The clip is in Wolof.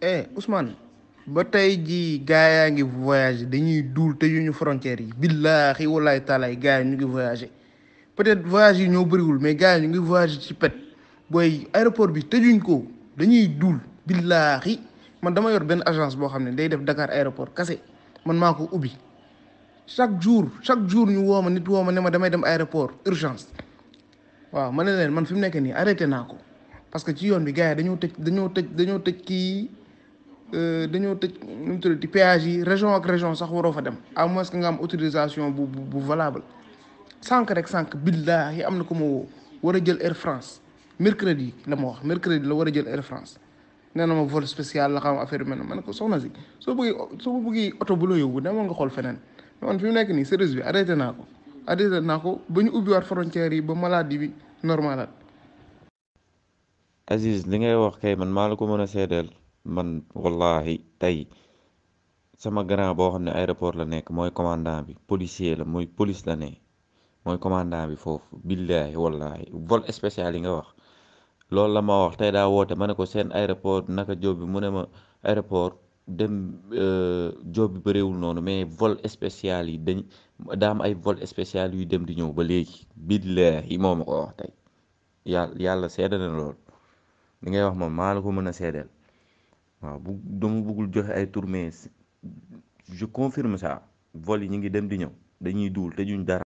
eh Ousmane ba tey jii gars yaa ngi voyagé dañuy duul te ñu frontières yi billaahi walaay taalaay gars yi ñu ngi voyagé peut-être voyage yi ñoo bëriwul mais gars yi ngi voyagé ci pet booy aéroport bi tëjuñ ko dañuy duul billaahi man dama yor benn agence boo xam ne day def Dakar aéroport kase man maa ko ubbi chaque jour chaque jour ñu woo ma nit woo ma ne ma damay dem aéroport urgence waaw man ne leen man fi mu nekk nii arrêté naa ko parce que ci yoon bi gars dañoo tëj dañoo tëj kii. Euh, dañoo tëj nu mu tuddati péage yi région ak région sax waroo fa dem à moins que nga am autorisation bu bu valable sànq rek sànq billaahi am na ko ma war a jël Air France mercredi la ma wax mercredi la war a jël Air France nee na ma vol spécial la xam affaire bi mel man ko soxna si soo bëggee soo bëggee oto bu la yóbbu demoon nga xool feneen man fi mu nekk nii service bi arrêté naa ko arrêté naa ko ba ñu ubbiwaat frontières yi ba maladie bi normalaat Aziz li ngay wax kay man maa la ko mën a seedeel man wallahi tey sama grand boo xam ne aéroport la nekk mooy commandant bi policier la mooy police la ne mooy commandant bi foofu billahi wallahi vol spécial yi nga wax loolu la ma wax tey daa woote ma ne ko seen aéroport naka job bi mu ne ma aéroport dem euh, job bi bëriwul noonu mais vol spécial yi dañ daa am ay vol spécial yuy dem di ñëw ba léegi billahi moo ma ko wax tey yàlla yàlla seede lool li ngay wax moom maa la ko mën a seedeel waaw bu dama bëggul joxe ay tour mais je confirme ça vol yi ñu ngi dem di ñëw dañuy duul te duñ dara